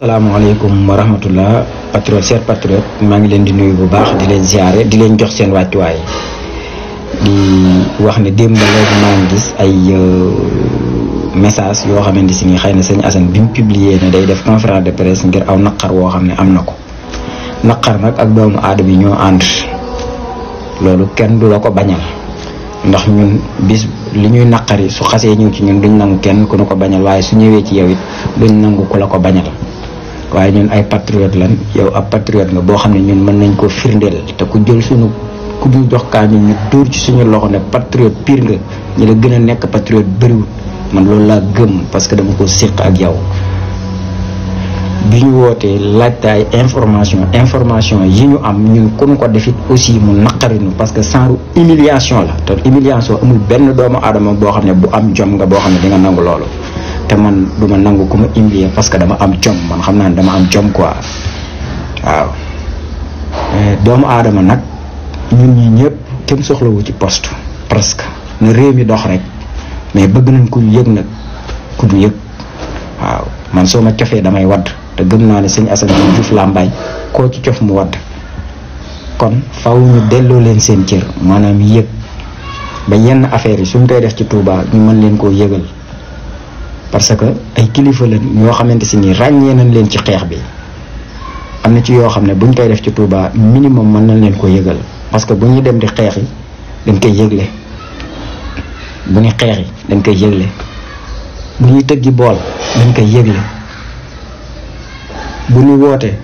Assalamualaikum warahmatullah. rahmatullah patriote chers patriote maa ngi leen di nuyu bu baax di leen ziare di leen jox seen wàccuwaay di wax ne démb ba léegi maa ngi gis ay euh, message yoo xamante si ni na sëñ Assane bi mu publier ne day def conférence de presse ngir aw na ak doomu aada bi ñoo ànd kenn du ko bañal ndax ñun bis li nakari so su xasee ñëw ci ñun duñ nangu kenn ku nu ko bañal waaye su ñëwee ci yow duñ ku ko bañal waaye ñun ay patriote lan yow ab patriote nga boo xam ne ñun mën nañ koo firndeel te ku jël suñu ku ñu jox kaamil ñu tuur ci suñu loxo ne patriote pire nga ñi la man loolu laa gëm parce que dama ko séq ak yow bi ñu wootee information information yi ñu am ñun ku ñu ko defit aussi mu naqarinu parce que genre humiliation la te humiliation amul benn doomu aadama boo xam bu am jom nga boo xam di nga nangu loolu te man du ma nangu ku ma humilier parce que dama am jom man xam naa ne dama am jom quoi waaw eh, doomu aadama nag ñun ñi ñëpp kenn soxlawu ci post presque na réew mi dox rek mais bëgg nañ ku yëg nag ku du yëg waaw man soo ma cofee damay wadd te gëm naa ne sëñ Assane Diouf Lambaye koo ci cof mu wadd kon faw ñu delloo leen seen cër maanaam yëg ba yenn affaires yi suñ koy def ci Touba ñu mën leen koo yëgal parce que ay kilifa la ñoo xamante si ni ràññee nañ leen ci xeex bi am na ci yoo xam ne buñ koy def ci Touba minimum mën nañ leen ko yëgal parce que bu ñuy dem di xeex yi dañ koy yëgle bu ñu xeex yi dañ koy yëgle bu ñuy tëggi bool dañ koy yëgle bu ñu wootee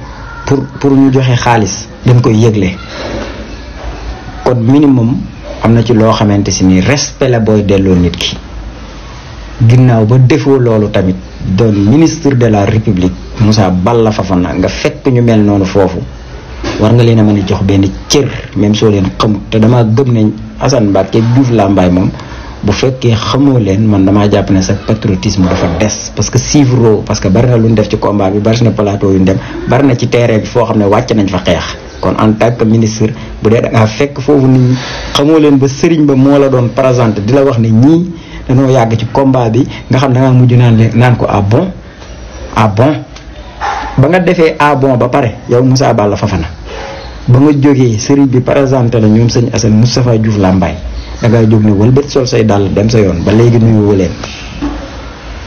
pour pour ñu joxe xaalis dañ koy yëgle kon minimum am na ci loo xamante si nii respect la booy delloo nit ki. ginnaaw ba defoo loolu tamit doon ministre de la république Moussa Balla Fafana nga fekk ñu mel noonu foofu war nga leen a mën a jox benn cër même soo leen xamut te dama gëm ne Assane Mbacké Diouf Lambaye moom bu fekkee xamoo leen man damaa jàpp ne sa patriotisme dafa des parce que suivre parce que bari na lu ñu def ci combat bi bari na palaato yu ñu dem bari na ci tere bi foo xam ne wàcc nañ fa xeex kon en tant que ministre bu dee da ngaa fekk foofu nit ñi xamoo leen ba sëriñ ba moo la doon présenté di la wax ne ñii danoo yàgg ci combat bi nga xam da ngaa mujj naan leen naan ko ah bon ba nga defee ah bon ba pare yow Moussa Balla Fafana ba nga jógee sëriñ bi présenté la ñoom sëñ Assane mustafa Diouf Lambaye da ngaa jóg ne wëlbët sol say dàll dem sa yoon ba léegi nuyu wu leen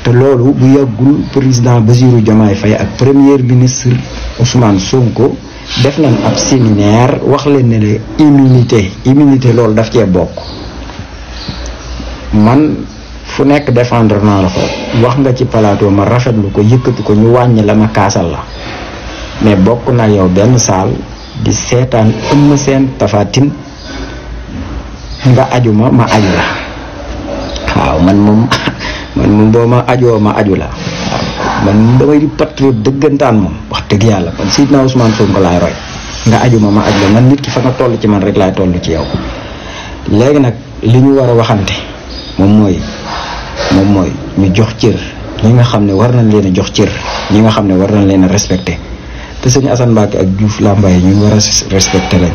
te loolu bu yàggul président Bassirou Diomaye Faye ak premier ministre Ousmane Sonko def nañ ab séminaire wax leen ne la immunité immunité loolu daf cee bokk. man fu nekk défendre naa la fa wax nga ci plateau ma rafetlu ko yëkkati ko ñu wàññi la ma kaasal la mais bokk naa yow di tafatin nga aju ma ma aju la waaw man moom man moom boo ma ma aju la man damay di patriote dëggantaan moom wax dëgg yàlla man Seydina Ousmane Sonko laay roy nga aju ma ma aju la man nit ki fa nga toll ci man rek laay toll ci yow waxante moom mooy moom mooy ñu jox cër ñi nga xam ne war nañ leen a jox cër ñi nga xam ne war nañ leen a respecté te sëñ Assane Mbacke ak Diouf Lambaye ñun war a respecté lañ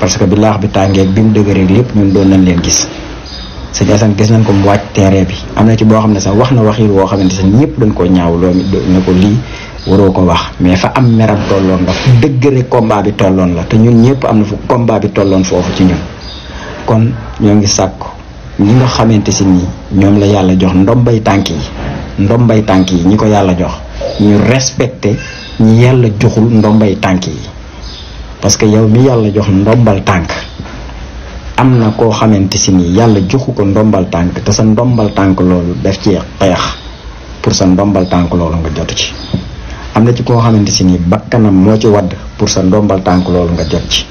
parce que bi laax bi tàngee bi mu dëgëree lépp ñun doon nañ leen gis sëñ Assane gis nañ ko mu wàcc terrain bi am ci boo xam sax wax waxi woo xamante sax ñëpp dañ koo ñaaw loo ne ko lii waroo ko wax mais fa am meram tolloon la fu dëgëre combat bi tolloon la te ñun ñëpp am na fu combat bi tolloon foofu ci ñun kon ñoo ngi sàkku ni nga xamante si nii ñoom la yàlla jox ndombay tànk yi ndombay tànk yi ñi ko yàlla jox ñu respecté ñi yàlla joxul ndombay tànk parce que yow mi yàlla jox ndombal tànk am na koo xamante si nii yàlla joxu ko ndombal tànk te sa ndombal tànk loolu def ci xeex pour sa ndombal tànk loolu nga jotu ci na ci koo xamante si nii bakkanam moo ci wadd pour sa ndombal tànk loolu nga jot ci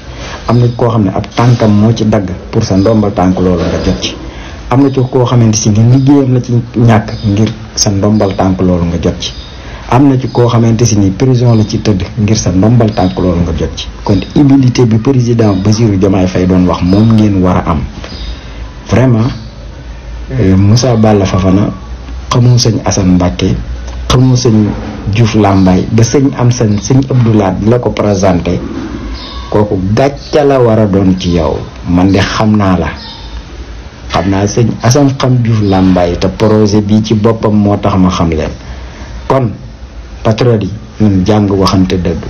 am na koo xam ne ab tànkam moo ci dagg pour sa ndombal tànk loolu nga jot ci am na ci koo xamante si ni liggéeyam la ci ñàkk ngir sa ndombal tànk loolu nga jot ci am na ci koo xamante si ni prison la ci tëdd ngir sa ndombal tànk loolu nga jot ci kon humilité bi président Bassirou Diomaye Faye doon wax moom ngeen war am vraiment euh, Moussa Balla Fafana xamoo sëñ Assane Mbacke xamoo sëñ Diouf Lambaye ba sëñ am seen sëñ Abdoulaye bi la ko présenté kooku gàcca la war a doon ci yow man de xam naa la xam naa sëñ Assane xam Diouf Lambaye te projet bi ci boppam moo tax ma xam leen kon patriote yi jàng waxante dëgg